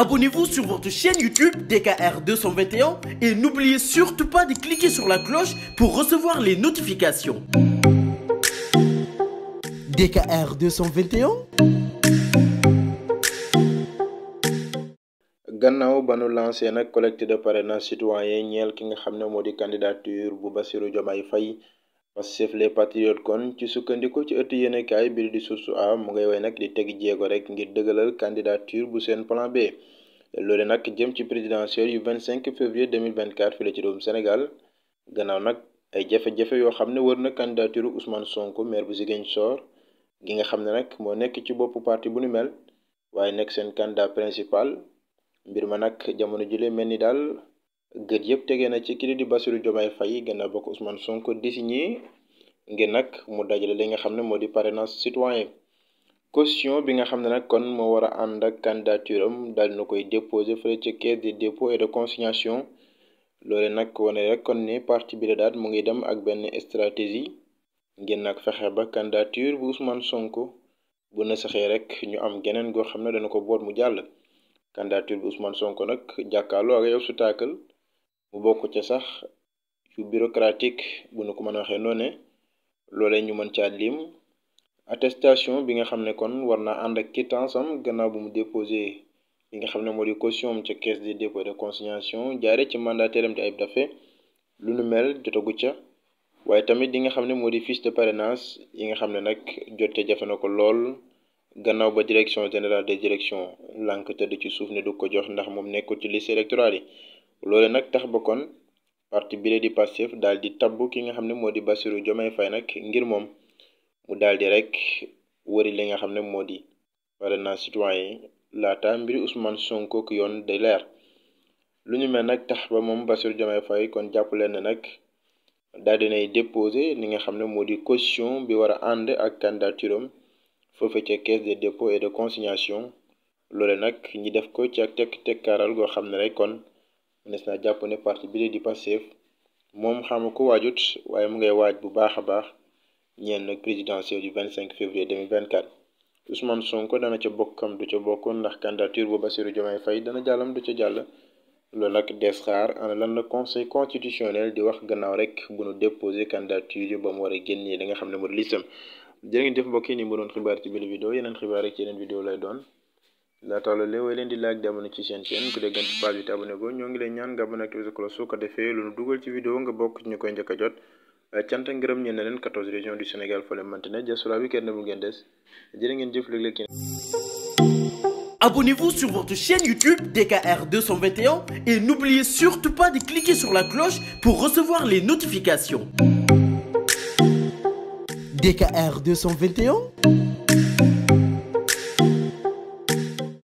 Abonnez-vous sur votre chaîne YouTube DKR 221 et n'oubliez surtout pas de cliquer sur la cloche pour recevoir les notifications. DKR 221. gannaaw ba nu lancé nag collecte de parrainage citoyen ñeel ki nga xam ne moo di candidature bu Bassirou Diomaye Faye. Pastef les patriotes kon ci sukkandiku ci ëtt yéenekaay bi di su A mu ngay way nag di teg jéego rek ngir dëggalal candidature bu seen plan B loole nag jëm ci présidentielle yu 25 février 2024 fii la ci réewum Sénégal gannaaw nag ay jafe-jafe yoo xam ne wër na candidature Ousmane Sonko maire bu soor gi nga xam ne nag moo nekk ci boppu parti bu nu mel waaye nekk seen candidat principal mbir ma nag jamono jule mel ni daal gët yëpp tegee na ci kii di Bassirou Diomaye Faye gannaaw ba ko Ousmane Sonko désigné ngir nag mu dajale li nga xam ne moo di parrainage citoyen caution bi nga xam ne nag kon moo war a ànd ak candidature am daal na koy déposé fële ca caisse de dépôt et de consignation loole nag wane rek kon ni parti bi daal mu ngi dem ak benn stratégie ngir nag fexe ba candidature bu Ousmane Sonko bu na saxee rek ñu am geneen goo xam ne dana ko boot mu jàll candidature bu Ousmane Sonko nag jàkkaarloo su taakal mu bokk ca sax yu bureaucratique bu nu ko mën a waxee noone loolee ñu mën caa lim attestation bi nga xam ne kon war naa ànd ak quittance am gannaaw bu mu déposé li nga xam ne moo di caution am ca caisse des dépôts de consignation jaare ci mandataire am di Ayib Daffé lu nu mel jotagu ca waaye tamit li nga xam ne moo di fiche de parrainage yi nga xam ne nag jote jafe na ko lool gannaaw ba direction générale des directions lànk tëdd ci suuf ne du ko jox ndax moom nekkul ci liste électorale yi loole nag tax ba kon parti bile di Pastef daal di tabb ki nga xam ne moo di Bassirou Diomaye fay nag ngir moom mu daal di rek wëri li nga xam ne moo di parrainage citoyen laata mbiri Ousmane Sonko ak yoon de leer lu ñu mel nag tax ba moom Bassirou Diomaye Faye kon jàpp leen na nag daal dinay déposé li nga xam ne moo di caution bi war a ànd ak candidature am foofe ca caisse de dépôt et de consignation loole nag ñi def ko ci ak tekk tekkaaral goo xam ne rek kon mënees naa jàpp ne parti bi di Pastef moom xamu ko waajut waaye mu ngay waaj bu baax a baax ñeen nag présidentielle du 25 février 2024 Ousmane Sonko dana ca bokkam du ca bokk ndax candidature bu Bassirou Diomaye Faye dana jàllam du ca jàll loolu nag des xaar ana lan la conseil constitutionnel di wax gannaaw rek bu nu déposé candidature ba mu war a génnee li nga xam ne mooy listam jërë ngeen jëf mbokk yi ni mu doon xibaar ci biir vidéo yeneen xibaar rek yeneen vidéo lay laata loolu léegi leen di like di abonné ci seen chaîne ku dégganti page bi te ñoo ngi leen ñaan nga abonné activé su ko defee lu dugal ci vidéo nga bokk ci ñu koy njëkk a jot euh, cant ak ngërëm ñeen na leen 14 régions du Sénégal fole mantene diaspora bi kenn bu ngeen des jërë ngeen jëf léeg-léeg Abonnez-vous sur votre chaîne YouTube DKR et n'oubliez surtout pas de cliquer sur la cloche pour recevoir les notifications DKR